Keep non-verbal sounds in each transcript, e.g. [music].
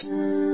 Christ.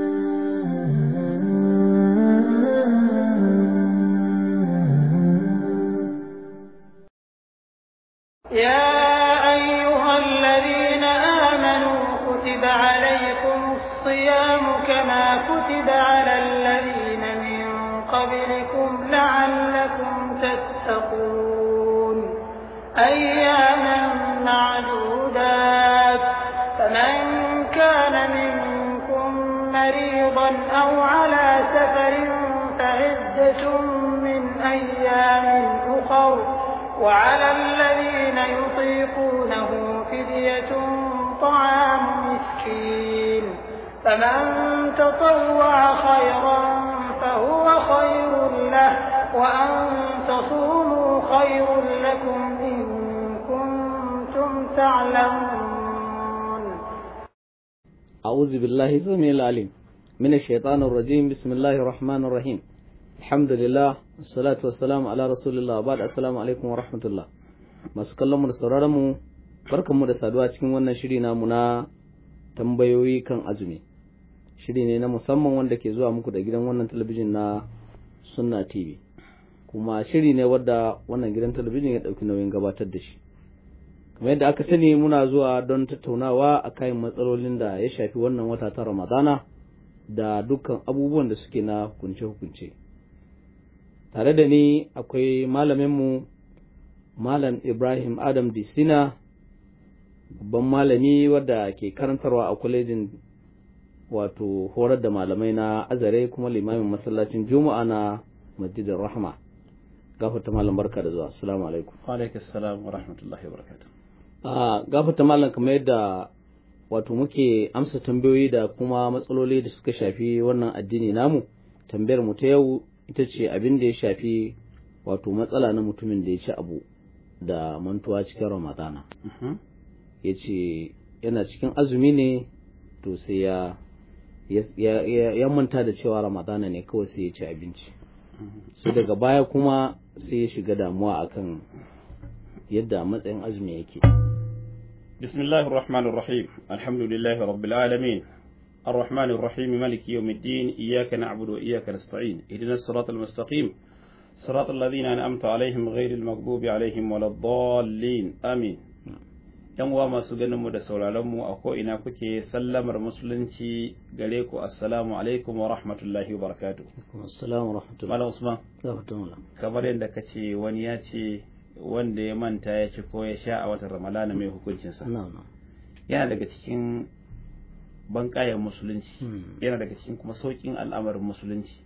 لكم إن كنتم تعلمون أعوذ بالله السميع العليم من الشيطان الرجيم بسم الله الرحمن الرحيم الحمد لله والصلاة والسلام على رسول الله بعد السلام عليكم ورحمة الله masu kallon mu da sauraron mu barkanmu da saduwa cikin wannan shiri namu na tambayoyi kan azumi shiri ne na musamman wanda ke zuwa muku da gidan wannan talabijin na sunna tv kuma shiri ne wadda wannan gidan talabijin ya ɗauki nauyin gabatar da shi kamar yadda aka sani muna zuwa don tattaunawa a kayan matsalolin da ya shafi wannan wata ta ramadana da dukkan abubuwan da suke na hukunce-hukunce tare da ni akwai malaminmu malam ibrahim adam disina babban malami wadda ke karantarwa a kwalejin wato horar da malamai na azare kuma limamin masallacin juma'a na masjidin rahma gafarta malam barka da zuwa assalamu alaikum wa alaikum assalam wa rahmatullahi wa barakatuh ah gafarta malam kamar yadda wato muke amsa tambayoyi da kuma matsaloli da suka shafi wannan addini namu tambayar mu ta yau ita ce abin da ya shafi wato matsala na mutumin da ya ci abu da mantuwa cikin ramadana mm-hmm. ya ce yana cikin azumi ne to sai ya ya manta da cewa ramadana ne kawai sai ya ci abinci sai daga baya kuma sai ya shiga damuwa akan yadda matsayin azumi yake بسم الله الرحمن الرحيم الحمد لله رب العالمين الرحمن الرحيم مالك يوم الدين إياك نعبد وإياك نستعين اهدنا الصراط المستقيم صراط الذين أنعمت عليهم غير المغضوب عليهم ولا الضالين آمين yan uwa masu ganin mu da sauraron mu a ko ina kuke sallamar musulunci gare ku assalamu alaikum wa rahmatullahi wa barakatuh assalamu kamar yadda kace wani ya ce wanda ya manta ya ci ko ya sha a watan ramadana mai hukuncinsa yana daga cikin bankayen musulunci hmm. yana daga cikin kuma saukin al'amarin musulunci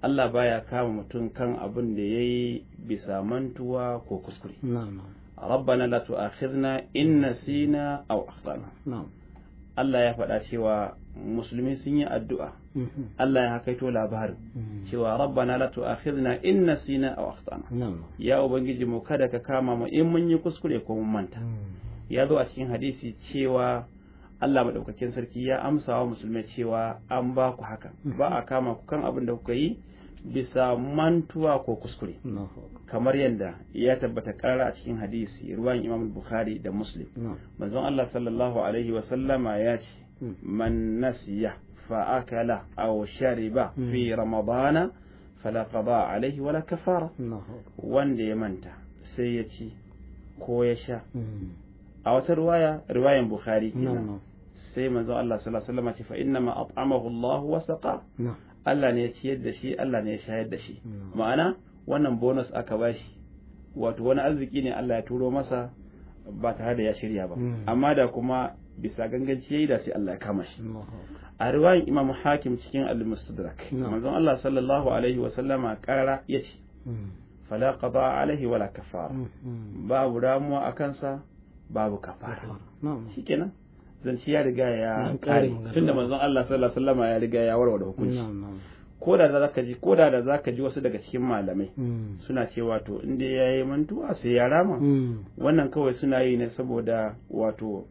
Allah baya kama mutum kan abin da ya yi bisa mantuwa ko kuskure rabbana la tu'akhidna in nasina aw Allah ya faɗa cewa musulmi sun yi addu'a Allah ya hakaito labarin cewa rabbana la tu'akhidna in nasina aw akhtana ya ubangiji mu kada ka kama mu in mun yi kuskure ko mun manta ya zo a cikin hadisi cewa Allah maɗaukakin sarki ya amsa wa musulmi cewa an ba ku haka ba a kama ku kan abin da kuka yi bisa mantuwa ko kuskure kamar yadda ya tabbata karara a cikin hadisi ruwan imam bukhari da muslim manzon Allah sallallahu alaihi wa sallama ya ce man nasiya fa akala aw shariba fi ramadana fala qada alaihi wala kafara wanda ya manta sai ya ci ko ya sha a wata riwaya riwayan bukhari kenan sai manzon Allah sallallahu alaihi wa sallama ce fa inna ma at'amahu Allah wa saqa Allah ne ya ciyar da shi Allah ne ya shayar da shi hmm. ma'ana wannan bonus aka ba shi wato wani arziki ne Allah ya turo masa ba tare da ya shirya ba hmm. amma da kuma bisa ganganci yayi da sai Allah ya kama shi a riwayan Imam Hakim cikin Al-Mustadrak hmm. manzon Allah sallallahu alaihi wa sallama karara yace fala qada alaihi wala kafara babu ramuwa akan sa babu kafara shikenan dan shi ya riga ya kare tunda manzon Allah sallallahu alaihi wasallam ya riga ya warware hukunci ko da za ka ji ko da ji wasu daga cikin malamai mm. suna cewa to inda ya yi mantuwa sai ya rama mm. wannan kawai suna yi ne saboda wato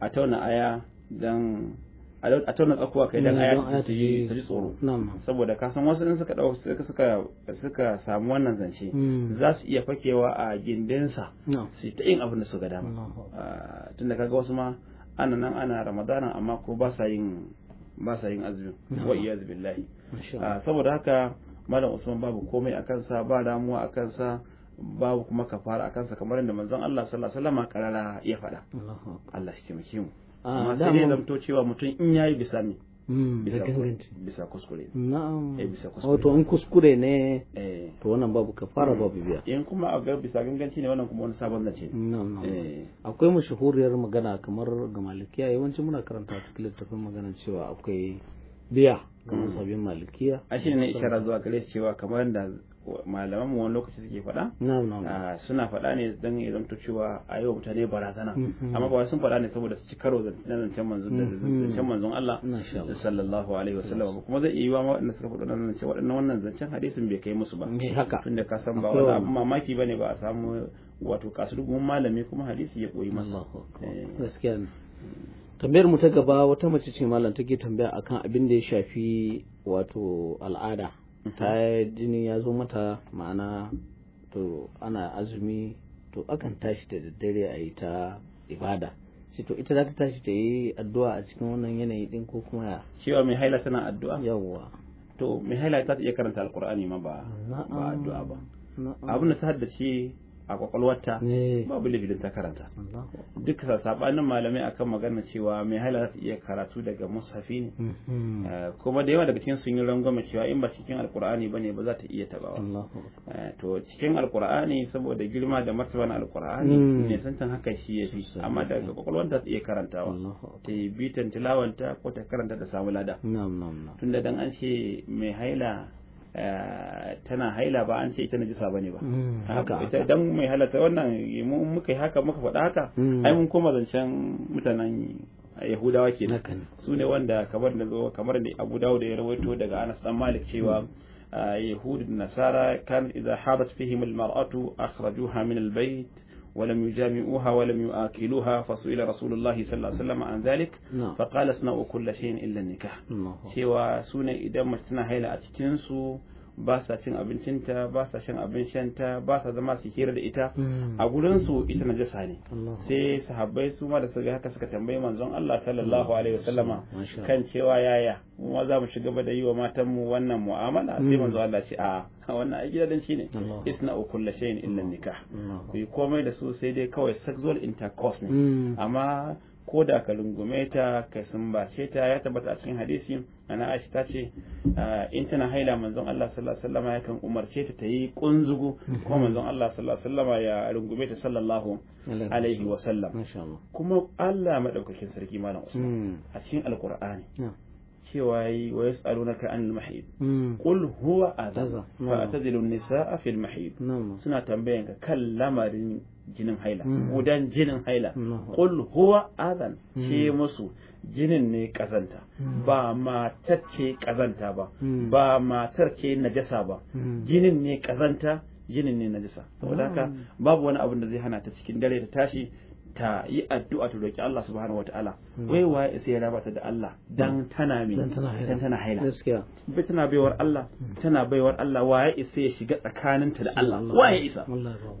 a tauna aya dan a tauna tsakuwa kai dan mm, aya ta ji tsoro saboda kasan san wasu in suka suka samu wannan zance mm. za su iya fakewa a gindinsa su ta yin abin da su ga dama ah, tunda kaga wasu ma ana nan ana ramadana amma ko ba sa yin ba sa yin azumin wa iyaz billahi ah, saboda haka malam usman babu komai a kansa ba damuwa a kansa babu kuma kafara a kansa kamar yadda manzon Allah sallallahu alaihi wasallam karara ya faɗa Allah shi kimikin mu Ah, amma sai dai zamto cewa mutum in yayi bisa me hmm, bisa kuskure na'am eh bisa kuskure wato in kuskure ne eh. to wannan babu kafara babu biya hmm. in kuma a ga bisa ganganci ne wannan kuma wani sabon zance na'am eh. akwai mashahuriyar magana kamar ga malikiya yawanci muna karanta cikin littafin magana cewa akwai biya ga sabbin malikiya a shi ne ishara zuwa gare shi cewa kamar da malaman wani lokaci suke faɗa ah, suna faɗa ne don ya zanto cewa a yi wa mutane barazana mm, mm. amma ba sun faɗa ne saboda su ci karo da zancen manzon mm, zancen manzon Allah sallallahu alaihi wa sallam kuma zai iya yiwa wa waɗanda suka faɗa nan zancen waɗannan wannan zancen hadisin bai kai musu ba tunda ka san ba wani abu mamaki bane ba a samu wato kasurgumin malami kuma hadisi ya koyi masa eh. gaskiya ne tambayar mu ta gaba wata mace ce malam take tambaya akan abin da ya shafi wato al'ada mhm. ta jini ya zo mata ma'ana to ana azumi to akan tashi da daddare a yi ta ibada shi to ita za ta tashi ta yi addu'a a cikin wannan yanayi din ko kuma ya cewa mai haila tana addu'a yawwa to mai haila ta iya karanta alkur'ani ma ba ba addu'a ba abin da ta haddace a kwakwalwarta eh. babu labilin ta karanta duk sabanin malamai akan magana cewa mai haila za iya karatu daga musafi ne mhm. eh, kuma da yawa daga cikin sun yi rangwame cewa in ba cikin alkur'ani ba ne ba za ta iya tabawa eh, to cikin alkur'ani saboda girma da martaba na alkur'ani hmm. ne santan haka shi ya fi amma daga kwakwalwarta ta iya karantawa ta yi bitan tilawanta ko ta karanta da samu lada tunda dan an ce mai haila Eh, tana haila ba an ce ita najisa bane ba hmm, haka Idan mai halatta wannan mu muka yi haka muka faɗa haka hmm. ai mun koma zancen mutanen yahudawa ke su ne wanda kamar da kamar da abu dawud ya rawaito daga anas dan malik cewa hmm. eh, yahudu da nasara kan idza habat fihim almar'atu akhrajuha min albayt ولم يجامئوها ولم يآكلوها فسئل رسول الله صلى الله عليه وسلم عن ذلك فقال اصنعوا كل شيء إلا النكاح cewa su ne idan mace tana haila a cikinsu ba sa cin abincinta ba sa shan abin shanta ba sa zama su hira da ita a gurinsu ita na najasa ne sai sahabbai su ma da su haka suka tambayi manzon Allah sallallahu alaihi wasallama kan cewa yaya mu za mu shiga da yi wa matanmu wannan mu'amala sai manzon Allah ce a'a [laughs] wannan ai gidadanci isna isna'u kullu shay'in illa nikah ku yi komai da su sai dai kawai sexual intercourse ne mm. amma ko da ka rungume ta ka sumbace ta ya tabbata a cikin hadisi ana aisha ta ce ah, in tana haila manzon Allah sallallahu alaihi wasallam yakan umarce ta tayi kunzugu [laughs] ko manzon Allah sallallahu alaihi wasallam ya rungume ta sallallahu alaihi wasallam kuma Allah madaukakin sarki malam Usman mm. a cikin alqur'ani cewa yi wa na an mahid hmm. qul huwa adha fa hmm. nisaa fil mahid hmm. suna tambayan ka kan lamarin jinin haila gudan jinin haila qul huwa adhan ce musu jinin ne kazanta ba matar ce kazanta ba ba matar ce najasa ba jinin ne kazanta jinin ne najasa saboda haka babu wani abin da zai hana ta cikin dare ta tashi ta yi addu'a ta roƙi Allah subhanahu wataala hmm. wai waye sai ya rabata da Allah dan hmm. tana me dan tana haila gaskiya bi tana baiwar Allah hmm. tana baiwar Allah waye isa ya shiga tsakaninta da Allah waye isa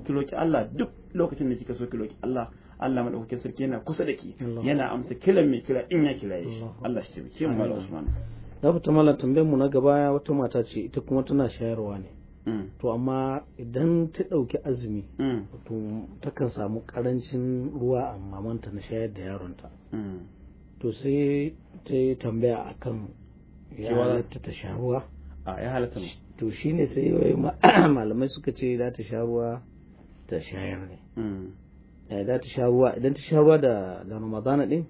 ki roki Allah duk lokacin da kika so ki roki Allah Allah madaukakin sarki yana kusa da ki yana amsa kiran mai kira in ya kira shi Allah shi ke mu Usman da ta mallan tambayar mu na gaba wata mata ce ita kuma tana shayarwa ne Mm. to amma idan ta ɗauki azumi mm. to takan samu ƙarancin ruwa a mamanta na shayar da yaronta mm. to sai ta yi tambaya a kan halatta ta sha ruwa a ya halatta to shi ne sai [clears throat] malamai suka ce za ta sha ruwa ta shayar ne za ta sha ruwa idan ta sha ruwa da ramadana din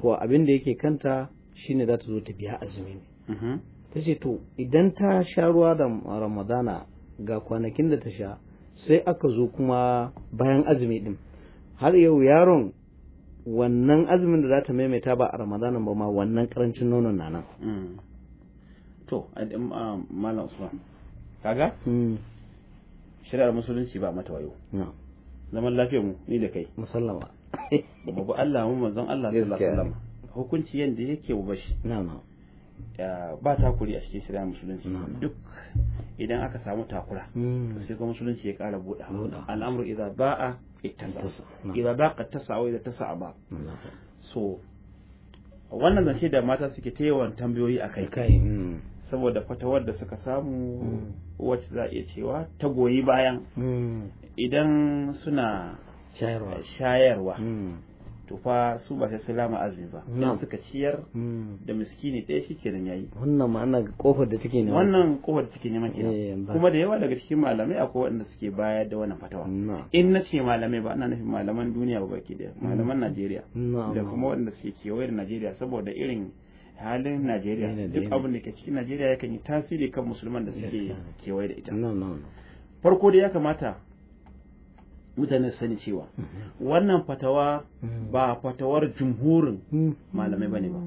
to abin da yake kanta shine za ta zo ta biya azumi ne mm-hmm. ta ce to idan ta sha ruwa da ramadana ga kwanakin da ta sha sai aka zo kuma bayan azumi din har yau yaron wannan azumin da za ta maimaita ba a ramadanin ba ma wannan karancin nonon na nan mm. to um, uh, malam usman kaga mm. shirar musulunci ba mata wayo zaman lafiyar mu ni da kai musallama babu Allah mu manzon Allah sallallahu alaihi wasallam hukunci yanda yake mu bashi na'am ba takuri a cikin shirya musulunci duk idan aka samu takura hmm. sai kuma musulunci ya kara buɗa Al'amur idan ba'a ittasa idan ka tasa wa idan tasa ba so wannan zance da mata suke ta yawan tambayoyi a kai hmm. saboda fatawar da suka samu hmm. wacce za a iya cewa ta goyi bayan idan suna shayarwa to fa su ba sai salama azumi ba suka ciyar hmm. da miskini ɗaya shi nan yayi wannan ma'ana kofar da take neman wannan kofar da take neman kenan eh, kuma da yawa daga cikin malamai akwai waɗanda suke bayar da wannan fatawa in na ce malamai ba ana nufin malaman duniya ba baki ɗaya hmm. malaman Najeriya da kuma waɗanda suke kewaye da Najeriya saboda irin halin Najeriya duk abin da ke cikin Najeriya yakan yi tasiri kan musulman da suke kewaye da ita farko da ya kamata mutane sani cewa mhm. wannan fatawa mhm. ba fatawar jumhurin mhm. malamai bane ba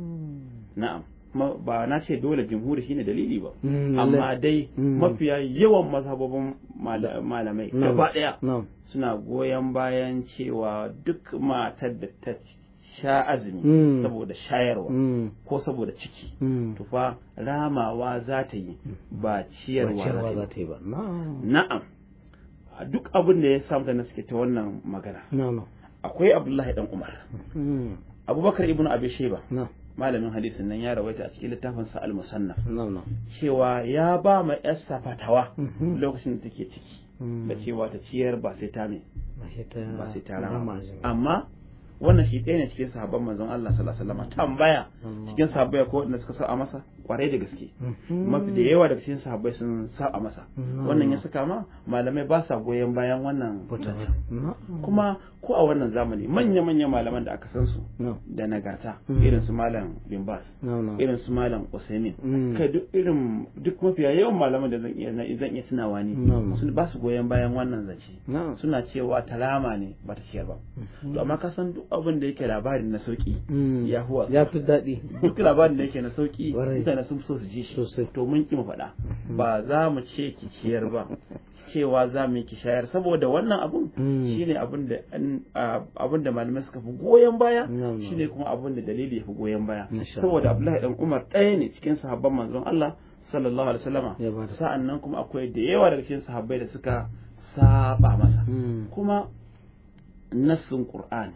na'am ba na ce dole jumhuri shine dalili ba amma dai mafiya yawan mazhababin malamai gaba daya suna goyon bayan cewa duk matar da ta sha azumi saboda shayarwa ko saboda ciki tufa ramawa za ta yi ba ciyarwa za ta yi ba na'am duk abin da ya samu da na suke ta wannan magana akwai abdullahi dan umar hmm. abubakar ibnu abi sheba malamin hadisin nan ya rawaita a cikin littafin sa al musanna cewa ya ba ma yarsa fatawa hmm. lokacin da take ciki hmm. da cewa ta ciyar ba sai ta me ba sai ta rama amma wannan shi ɗaya ne cikin sahabban manzon Allah sallallahu alaihi wasallam tambaya cikin sahabbai ko wanda suka sa a masa kwarai da gaske mm-hmm. mafi da yawa da cikin sahabbai sun saba masa mm-hmm. wannan ya saka ma malamai ba sa goyon bayan wannan mm-hmm. kuma ko a wannan zamani manya manya malaman da aka san su da nagarta irin su malam bin irin su malam usaimin kai duk irin duk mafiya yawan malaman da zan iya zan iya tunawa ne sun ba su goyon bayan wannan zance suna cewa talama ne ba ta ciyar ba to amma ka san duk abin da yake labarin na sauki mm. ya huwa ya fi daɗi duk labarin da yake na sauki [laughs] mutane sun so su ji shi to mun ki mu faɗa mm. ba za mu ce ki ciyar ba cewa za mu ki shayar saboda wannan abun mm. shine abun da abun da malamai suka fi goyon baya mm, shine kuma abun da dalili ya fi goyon baya saboda Abdullahi dan Umar ɗaya ne cikin sahabban manzon Allah sallallahu alaihi wasallama sa'an nan kuma akwai da yawa daga cikin sahabbai da suka saba masa kuma nassin Qur'ani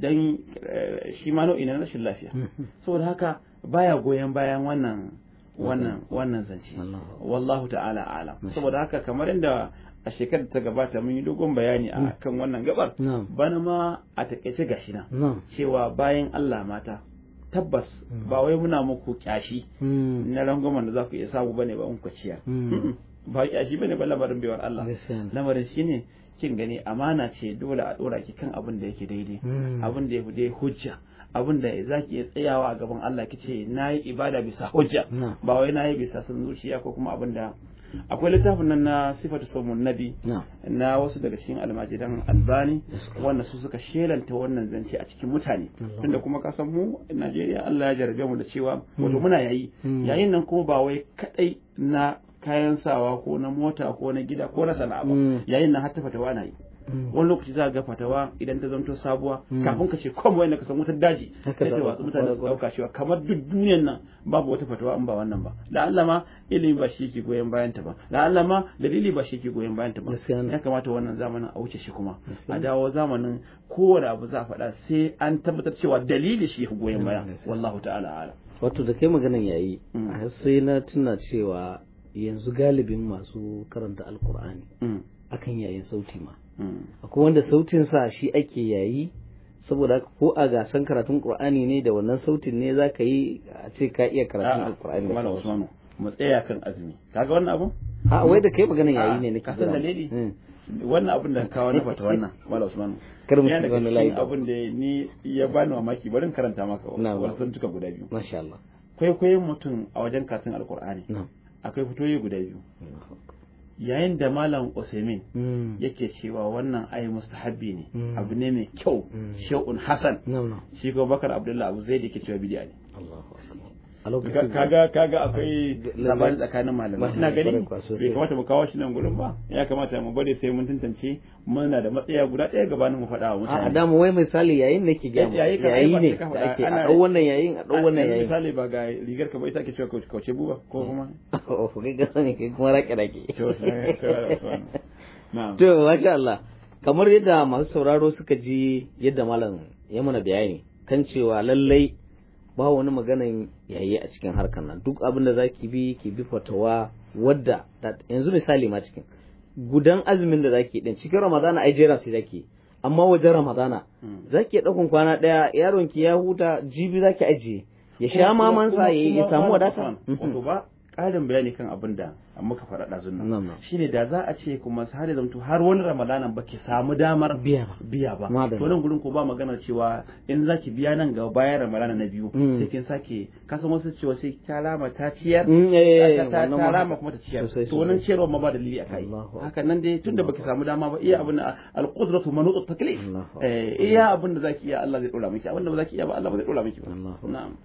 dan eh, shi ma nau'i na rashin lafiya mm-hmm. saboda haka baya goyon bayan wannan wannan wannan zance wallahu ta'ala alam saboda haka kamar inda a shekarar ta gabata mun yi dogon bayani a mm. kan wannan gabar bana ma a takaice gashi na cewa bayan Allah mata tabbas mm. ba wai muna muku kyashi mm. na rangwamen da za ku iya samu bane ba muku ciya [laughs] ba kyashi bane ba lamarin baiwar Allah lamarin shine kin gani amana ce dole a dora ki kan abin da yake daidai abin da ya fi hujja abin da za ki iya tsayawa a gaban Allah ki ce na yi ibada bisa hujja ba wai na yi bisa sun zuciya ko kuma abin da akwai littafin nan na sifatu saumun nabi na wasu daga cikin almajiran albani wanda su suka shelanta wannan zance a cikin mutane tunda kuma kasan mu Najeriya Allah ya jarabe mu da cewa hmm. wato muna yayi hmm. yayin nan kuma ba wai kadai na kayan sawa ko na mota ko na gida ko na sana'a ba hmm. yayin nan har ta wa na yi Mm. wani lokaci za a ga fatawa idan ta zanto sabuwa mm. kafin ka ce kom wanda ka san wutar daji sai ta watsu mutane su dauka cewa kamar duk duniyan nan babu wata fatawa in ba wannan ba da Allah ma ilimi ba shi yake goyon bayan ta ba da Allah ma dalili ba shi yake goyon bayan ta ba ya kamata wannan zamanin a wuce shi kuma a dawo zamanin kowane abu za a faɗa sai an tabbatar cewa dalili shi yake goyon baya wallahu ta'ala ala wato da kai maganan yayi mm. sai na tuna cewa yanzu galibin masu karanta alkur'ani akan yayin sauti ma akwai wanda sautin sa shi ake yayi saboda ko a gasan karatun qur'ani ne da wannan sautin ne za ka yi a ce ka iya karatun alqur'ani da sautin mu tsaya kan azumi kaga wannan abu a wai da kai maganan yayi ne nake kasan dalili hmm. wannan abin da ka kawo na fata wannan mala usmanu kar shi wannan layi abin da ni ya bani mamaki barin karanta maka wannan sun tuka guda biyu masha Allah kwaikwayon mutum a wajen katin alkur'ani akwai fitoyi guda biyu yayin da malam usaimin mm. yake cewa wannan ayi mustahabbi ne mm. abu ne mai kyau mm. shi'un hasan shi ko bakar abdullahi abu zaid yake cewa bid'a ne a lokacin kaga kaga akwai labarin tsakanin malamai ina gani bai kamata mu kawo shi nan gurin ba ya kamata mu bari sai mun tantance muna da matsaya guda ɗaya gabanin mu faɗa wa mutane a da mu wai misali yayin nake ga yayi ne da ake a dau wannan yayin a dau wannan yayin misali ba ga rigar ka ba ita ke cewa kauce buba ko kuma [laughs] oh kai ga ne kai kuma rake rake [laughs] to to masha Allah kamar yadda masu sauraro suka ji yadda malam ya mana bayani kan cewa lallai ba wani maganan yayi a cikin harkar nan duk abin da zaki bi ki bi fatawa wadda yanzu misali ma cikin gudan azumin da zaki din cikin ramadana ai jera sai zaki amma wajen ramadana hmm. zaki ɗaukan kwana ɗaya yaron ki ya huta jibi zaki ajiye ya sha eh, mamansa ya samu wadata mhm. wato ba ƙarin bayani kan abin da muka faɗa ɗazun nan shine da za a ce kuma har ya zamto har wani ramadana ba ke samu damar biya ba to nan gurin ko ba magana cewa in za ki biya nan ga bayan ramadana na biyu mm. sai kin sake kasan wasu cewa sai ta rama ta ciyar mm, eh, eh, ta rama kuma ta ciyar to wannan ciyarwa ma ba dalili a kai haka nan dai ba baki samu dama ba iya abin al-qudratu manutu taklif eh, iya abin da ki iya Allah zai dora miki abin da ba zaki iya ba Allah ba zai dora miki ba na'am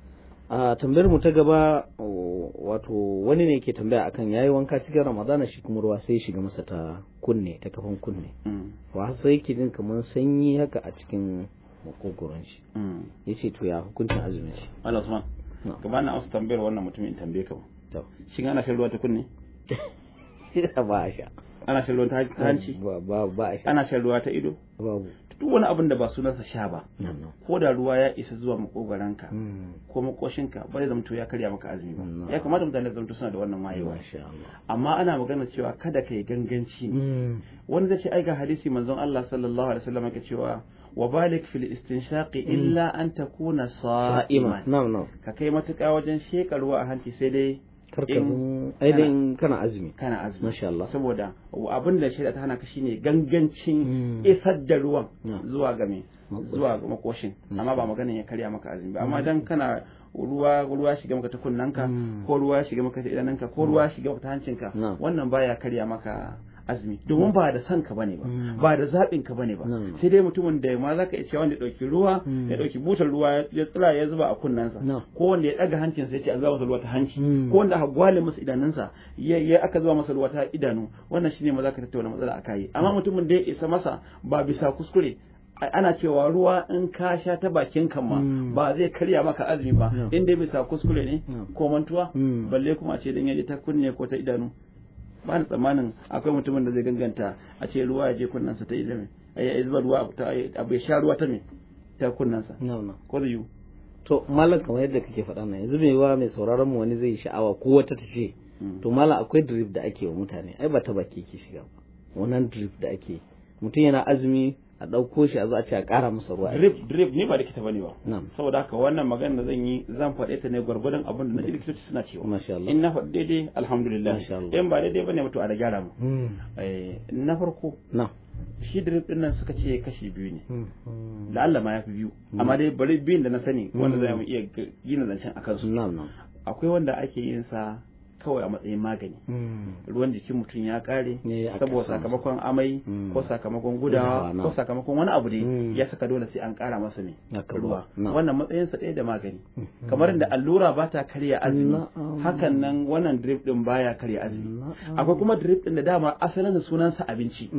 a tambayar mu ta gaba wato wani ne ke tambaya akan yayi wanka cikin ramadana shi kuma ruwa sai shiga masa ta kunne ta kafan kunne mm. wa sai yake jin kamar sanyi haka a cikin makogoron shi mm. yace to ya hukuncin azumin shi Allah Usman gaba na amsa tambayar wannan mutumin tambaye ka to shin ana shan ruwa ta kunne [laughs] ba a sha ana shan ruwa ta hanci ba ba ana shan ruwa ta ido babu duk wani abin da ba sunansa sha ba ko da ruwa ya isa zuwa makogaranka hmm. ko makoshinka ba zai zamto ya karya maka azumi ba ya kamata mutane zamto suna da wannan wayewa amma ana magana cewa kada ka yi ganganci hmm. wani zai ce ai ga hadisi manzon Allah sallallahu alaihi wasallam yake cewa wa balik fil istinshaqi illa hmm. an takuna saima ka kai matuƙa wajen sheka ruwa a hanci sai dai ainihin kana azumi kana azumi masha Allah saboda abin da shaida ta hana ka shine gangancin hmm. isar da ruwan zuwa game zuwa makoshin amma ba maganin ya karya maka azumi ba amma hmm. dan kana ruwa ruwa shiga maka ta kunnanka hmm. ko ruwa shiga maka ta idananka ko ruwa shiga maka ta hancinka wannan baya karya maka azumi mm. domin ba da son ka bane ba mm. ba da zaɓin ka bane ba mm. sai dai mutumin da ma zaka iya cewa wanda ya ɗauki ruwa ya ɗauki butar ruwa ya tsira ya zuba a kunnensa ko wanda ya ɗaga hancinsa ya ce an zuba masa ruwa ta hanci ko wanda aka gwale masa idanunsa ya aka zuba masa ruwa ta idanu wannan shine ma zaka tattauna matsala a kai amma mutumin da ya isa masa ba bisa kuskure ana cewa ruwa in ka sha ta bakin kan ma ba zai karya maka azumi ba in dai bisa kuskure ne ko mantuwa balle kuma a ce dan yaje ta kunne ko ta idanu ba ni tsammanin akwai mutumin da zai ganganta a ce ruwa ya je kunnansa ta ilimi yi zuba ruwa abu ya sha ruwa ta me ta kunnansa ko da yiwu to malam kamar yadda kake faɗa na yanzu mai wa mai sauraron mu wani zai sha'awa ko wata ta ce hmm. to malam akwai drip da ake wa mutane ai ba ta baki ke shiga ba wannan drip da ake mutum yana azumi a ɗauko shi a zo a ce a ƙara masa ruwa drip drip ni ba likita bane ba saboda haka wannan magana da zan yi zan faɗe ta ne gwargwadon abin da na likitoci suna cewa in na faɗi daidai alhamdulillah in ba daidai bane mutu a da gyara mu hmm. eh, na farko shi drip din nan suka ce kashi biyu ne hmm, hmm. da Allah ma ya fi biyu amma dai bari biyun da na sani wanda za mu iya gina zancen akan su akwai wanda ake yin sa kawai a matsayin magani hmm. ruwan jikin mutum ya kare saboda sakamakon amai hmm. ko sakamakon gudawa ko sakamakon wani abu ne hmm. ya saka dole sai an kara masa ne ruwa wannan matsayin sa ɗaya da magani kamar da allura ba ta karya azumi hakan nan wannan drip din baya karya azumi akwai kuma drip din da dama asalin sunansa abinci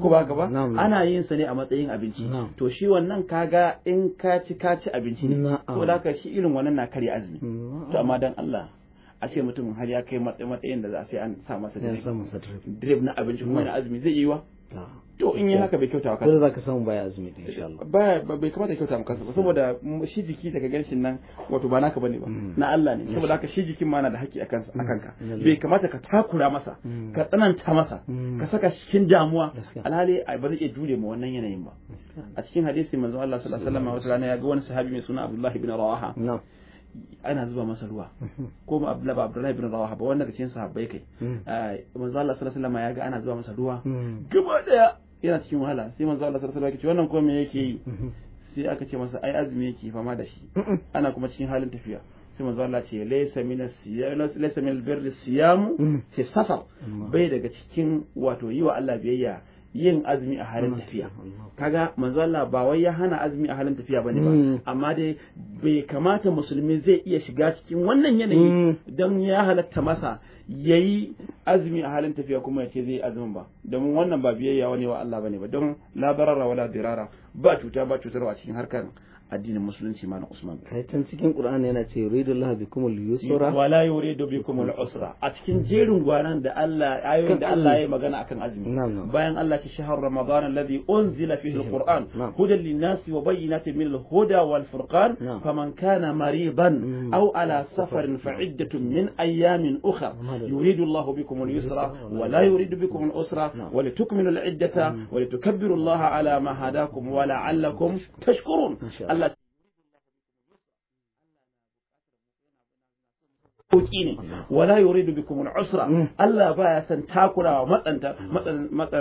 ko ba gaba ana yin sa ne a matsayin abinci to shi wannan kaga in ka ci ka ci abinci ne saboda haka shi irin wannan na karya azumi to amma dan Allah a ce mutum har ya kai matsayin da za a sai an sa masa drip na abinci kuma na mm. azumi zai yi wa ah. to in yi eh. haka bai kyauta wa kansa za ka samu baya azumi da insha Allah bai kamata kyauta wa kasa ba saboda shi jiki daga ganshin nan wato ba naka bane ba mm. na Allah ne saboda haka shi jikin ma na da haƙƙi a kansa a mm. kanka bai kamata ka takura masa ka tsananta masa ka saka cikin damuwa alhali ba zai iya jure ma wannan yanayin ba a cikin hadisi manzo Allah sallallahu alaihi wasallam wata rana ya ga wani sahabi mai suna Abdullah ibn Rawaha ana zuba masa ruwa ko ma abdullahi abdullahi bin rawaha ba wanda cikin sahabbai kai hmm. ah, manzo Allah sallallahu alaihi wasallam ya ga ana zuba masa ruwa hmm. gaba daya yana cikin wahala sai manzo Allah sallallahu alaihi wasallam ya ce wannan ko me yake yi hmm. sai aka ce masa ai azumi yake fama da shi ana kuma cikin halin tafiya sai manzo Allah ce laysa min laysa min as siyam fi safar bai daga cikin wato yi wa Allah biyayya yin azumi a halin tafiya kaga manzo Allah ba wai ya hana azumi a halin tafiya bane ba hmm. amma dai bai kamata musulmi zai iya shiga cikin wannan yanayi hmm. don ya halatta masa yayi azumi a halin tafiya kuma ya ce zai azumin ba domin wannan ba biyayya wani wa Allah bane ba don la wala dirara ba cuta ba cutarwa a cikin harkar addinin musulunci ma na Usman. Kai can cikin Qur'ani yana ce yuridu Allah bikumul yusra wa la yuridu bikumul usra. A cikin jerin gwanan da Allah ayoyin da Allah ya magana akan azumi. Bayan Allah ce shahar Ramadan alladhi unzila fihi al-Qur'an hudan lin-nasi wa bayyinatin min al-huda wal furqan faman kana maridan aw ala safarin fa iddatun min ayamin ukhra yuridu Allah bikumul yusra wa la yuridu bikumul usra wa litukmilu al-iddata wa litukabbiru Allah ala ma hadakum wa la'allakum tashkurun. sauki ne mm. wala yuridu bikum al-usra mm. Allah baya san takurawa matsanta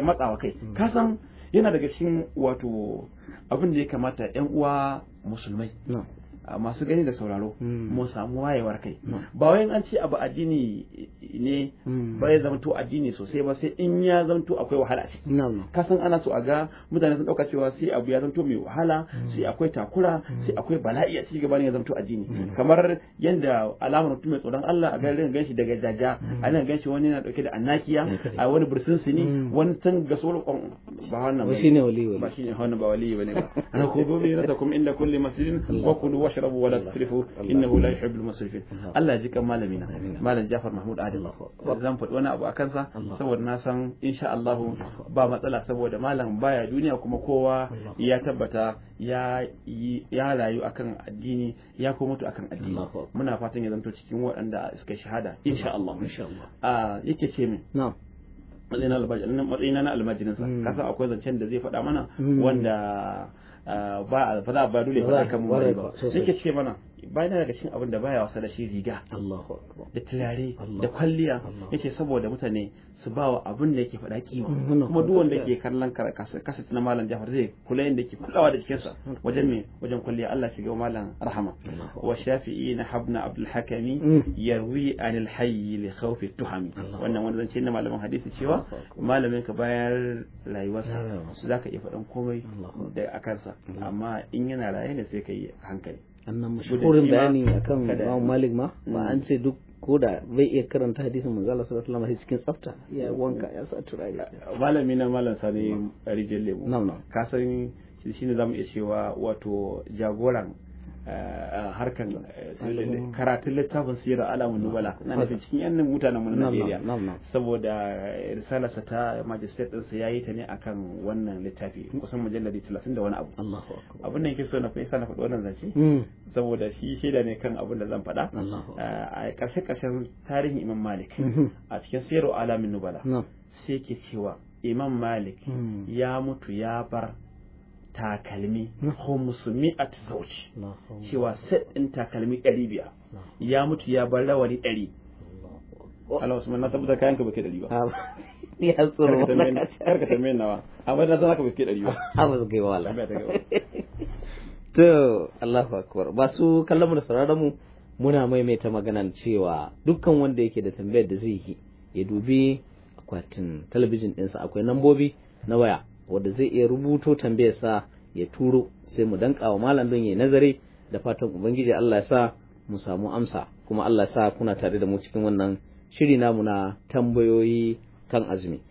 matsawa kai kasan yana daga cikin wato abin da ya kamata ƴan uwa musulmai masu gani da sauraro hmm. mu samu wayewar kai hmm. ba wai an ce abu addini ne hmm. ba ya zamto addini sosai ba sai in ya zamto akwai wahala ce ka san ana so a ga mutane sun dauka cewa sai abu ya zamto mai wahala sai akwai takura sai akwai bala'i a cikin gabanin ya zamto addini kamar yanda alamar mutum mai tsoron Allah a garin ganshi daga jaja a nan ganshi wani yana dauke da annakiya a wani bursun sini wani can ga sauran ba wannan ba shine wali ba shine wannan ba wali bane ba ana [laughs] ko gobe ta kuma inda kulli masjidin wa kullu tashrabu wa la tusrifu innahu la yuhibbul musrifin ya ji malami na malam Jafar Mahmud Adil zan faɗi wani abu akan sa na san insha ba matsala saboda malam baya duniya kuma kowa ya tabbata ya ya rayu mutu akan addini muna fatan ya zanto cikin waɗanda suka shahada insha Allah na almajirinsa kasa akwai zancen da zai faɗa mana wanda ba ba za a ba dole faɗa ka mu ba ke ce mana bayan daga cikin abin da baya wasa da shi riga da turare da kwalliya yake saboda mutane su ba wa abin da yake faɗa kima mm, kuma duk wanda yake kallon kasa na malam Jafar zai kula yadda yake kulawa da sa mm. wajen me wajen kwalliya Allah ga malam rahama wa shafi'i na habna abdul hakami mm. yarwi anil hayy li khawfi tuhami wannan wanda zan ce na malamin hadisi cewa malamin ka bayan rayuwarsa zaka iya faɗan komai da akansa amma in yana raye ne sai kai hankali annan mashhurin bayani akan Imam Malik ma hmm. ba an ce duk ko da bai iya karanta hadisin manzo Allah sallallahu alaihi wasallam cikin tsafta ya hmm. wanka ya sa turare malami na malam sani hmm. rijal lemu ka san shine zamu iya cewa wato jagoran harkan eh, karatun littafin sirri alamun nubala na nufi cikin yan mutanen mu na Najeriya saboda eh, risalarsa ta magistrate ɗinsa ya yi ta ne akan wannan littafi in kusan mujalladi talatin da wani abu abin da yake so na faɗi na faɗi wannan zance hmm. saboda shi shaida ne kan abin da zan faɗa eh, a ƙarshe ƙarshen tarihin Imam Malik hmm. a cikin sirri alamun nubala sai ke cewa Imam Malik hmm. ya mutu ya bar takalmi ko musulmi a tisauci cewa set ɗin takalmi ɗari biyar ya mutu ya bar rawari ɗari Allah wasu na tabbata kayan ka bake ɗari ba [laughs] ya tsoro kar ka tambaye nawa amma na zana ka bake ɗari ba ha ba su kai wala [laughs] to Allahu akbar ba su kallon mu da sauraron mu muna maimaita maganan cewa dukkan wanda yake da tambayar da zai yi ya dubi akwatin talabijin ɗinsa akwai lambobi na waya wanda zai iya rubuto tambayar sa ya turo sai mu danka wa malam don ya nazari da fatan ubangiji Allah ya sa mu samu amsa kuma Allah ya sa kuna tare da mu cikin wannan shiri namu na tambayoyi kan azumi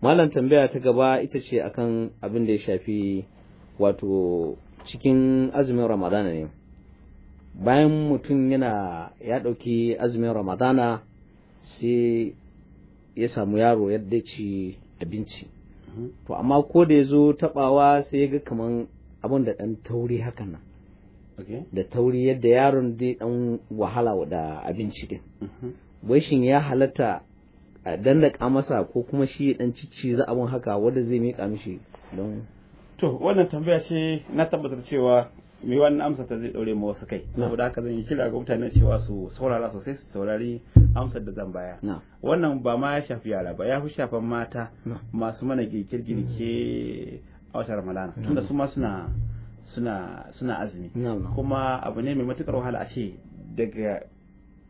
malam tambaya ta gaba ita ce akan abin da ya shafi wato cikin azumin ramadana ne bayan mutum yana ya ɗauki azumin ramadana sai ya samu yaro yadda ci abinci to amma ko da ya zo taɓawa sai ya ga kaman abin da dan tauri hakan nan da tauri yadda yaron zai ɗan wahala da abinci din mm-hmm. wai shin ya halatta a dandaka masa ko kuma shi dan cici za abin haka wanda zai mika mishi don to wannan tambaya ce na tabbatar cewa mai wannan amsar ta zai ɗaure ma wasu kai saboda haka zan yi kira ga mutane cewa su saurara sosai su saurari amsar da zan baya wannan ba ma ya shafi yara ba ya fi shafan mata masu mana girke-girke a watan ramadana tunda su ma suna suna azumi kuma abu ne mai matukar wahala a ce daga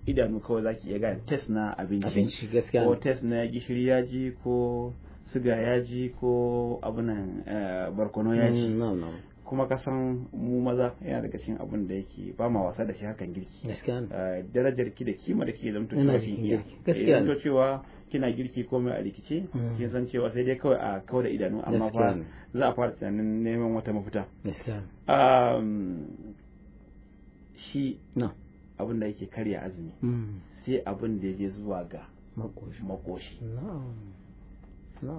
idanu kawai zaki iya gane test na abinci ko test na gishiri yaji ko ya yaji ko abunan eh, barkono yaji mm, kuma ka san mu maza yana daga cikin abin da yake ba ma wasa da shi hakan girki eh, darajar ki da kima da ke eh, zamto cewa iya kina girki komai a rikice mm. kin san cewa sai dai kawai a kawo da idanu amma fa za a fara tunanin neman wata mafita um, shi abin da yake karya azumi mm. sai abin da ya je zuwa ga makoshi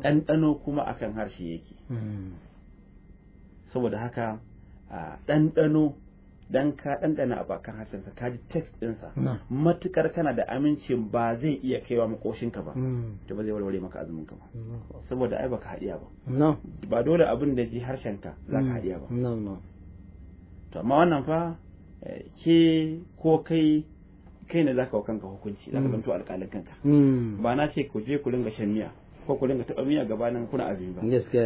ɗanɗano kuma akan harshe yake mm. saboda haka a ɗanɗano dan ka ɗanɗana a bakan sa ka ji text ɗinsa matukar kana da aminci ba zai iya kaiwa makoshinka ba hmm. to ba zai walwale maka azumin ka ba saboda ai baka haɗiya ba ba dole abin da ji harshenka za ka hmm. haɗiya ba to amma wannan fa eh, ke ko kai kai ne ka wa kanka hukunci ka hmm. zanto alƙalin kanka ba na ce ku je ku dinga shan miya ko ku dinga taɓa miya gabanin kuna azumi ba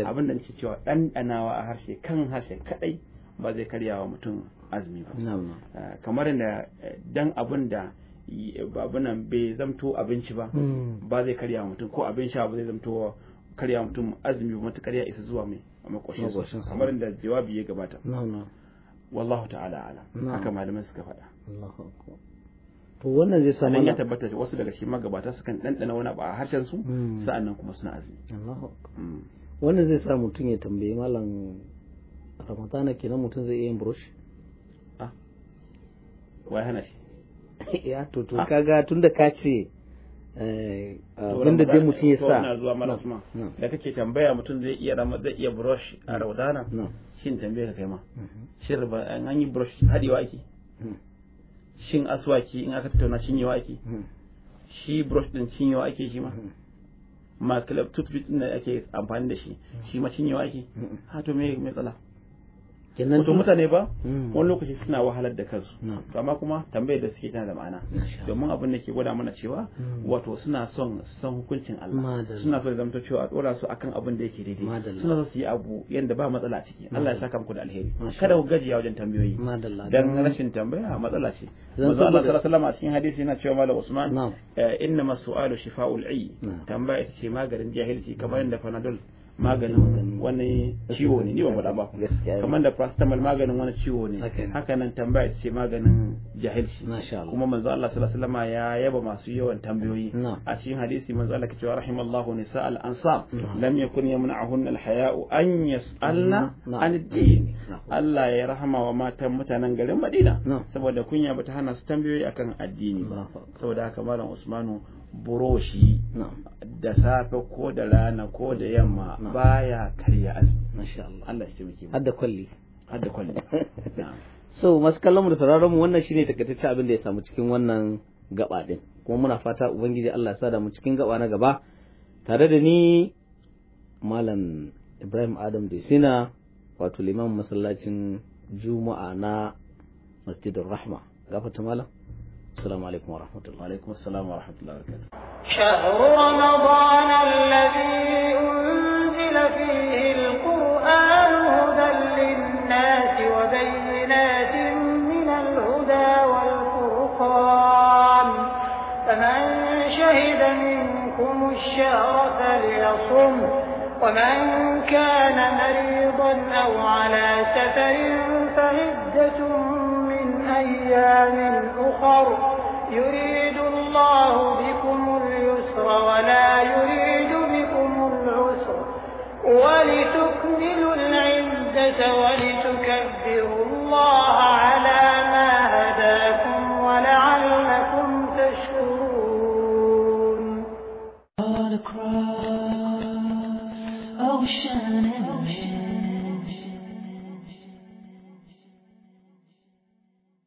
abin da nake cewa ɗanɗanawa a harshe kan harshe kadai ba zai karya wa mutum azumi ba ah, kamar eh, da dan abin da babunan bai zamto abinci ba hmm. ba zai karya wa mutum ko abin sha ba zai zamto karya mutum azumi ba matuƙar ya isa zuwa mai su kamar da jawabi ya gabata wallahu ta'ala ala haka malaman suka faɗa to wannan zai samu ya tabbata wasu daga cikin magabata sukan dandana wani abu a harshen su hmm. sa'an nan kuma suna azumi hmm. wannan zai sa mutum ya tambayi malam ramadana kenan mutum zai iya brush a ah. wai hana shi [laughs] ya to to ah. kaga tunda ka ce wanda eh, zai mutum ya sa na zuwa marasma da kake tambaya mutum zai iya rama zai iya brush a hmm. raudana shin tambaye ka kai ma shin an yi brush hadewa ake shin aswaki in aka tattauna cinyewa ake hmm. shi brush din cinyewa ake shi ma hmm. ma club toothpick din da ake amfani da shi hmm. shi ma cinyewa ake ha to me me tsala kenan to mutane ba hmm. wani lokaci suna wahalar da kansu hmm. amma kuma tambayar da suke tana da ma'ana domin abin da ke gwada mana cewa hmm. wato suna son san hukuncin Allah suna son zamta cewa dora su akan abin da yake daidai suna son su yi abu yanda ba matsala a ciki Allah ya saka muku da alheri kada ku gajiya wajen tambayoyi dan rashin tambaya matsala ce manzo Allah sallallahu alaihi a cikin hadisi yana cewa malam Usman eh, inna masu'alu shifa'ul ayy tambaya ita ce maganin jahilci kamar yadda panadol maganin wani ciwo ne ni ban faɗa ba kamar da paracetamol maganin wani ciwo ne haka nan tambaya ce maganin jahilci kuma manzo Allah sallallahu alaihi wasallam ya yaba masu yawan tambayoyi a cikin hadisi manzo Allah kace rahimallahu nisa al ansar lam yakun yamna'uhun al haya'u an yas'alna an din Allah ya rahama wa matan mutanen garin Madina saboda kunya bata hana su tambayoyi akan addini ba saboda haka malam Usmanu buroshi da safe ko da rana ko da yamma baya karya azumi masha Allah Allah ya ci mu hadda kulli hadda kulli [laughs] so masu kallon mu da sauraron mu wannan shine takaitacce abin da ya samu cikin wannan gaba din kuma muna fata ubangiji Allah ya sada mu cikin gaba na gaba tare da ni malam Ibrahim Adam Desina wato liman masallacin Juma'a na Masjidur Rahma gafata malam assalamu alaikum wa rahmatullahi wa alaikum assalam wa rahmatullahi wa barakatuh شهر رمضان الذي أنزل فيه القرآن هدى للناس وبينات من الهدى والفرقان فمن شهد منكم الشهر فليصم ومن كان مريضا أو على سفر فعدة من أيام أخر يريد الله العسر ولا يريد بكم العسر ولتكملوا العزة ولتكبروا الله على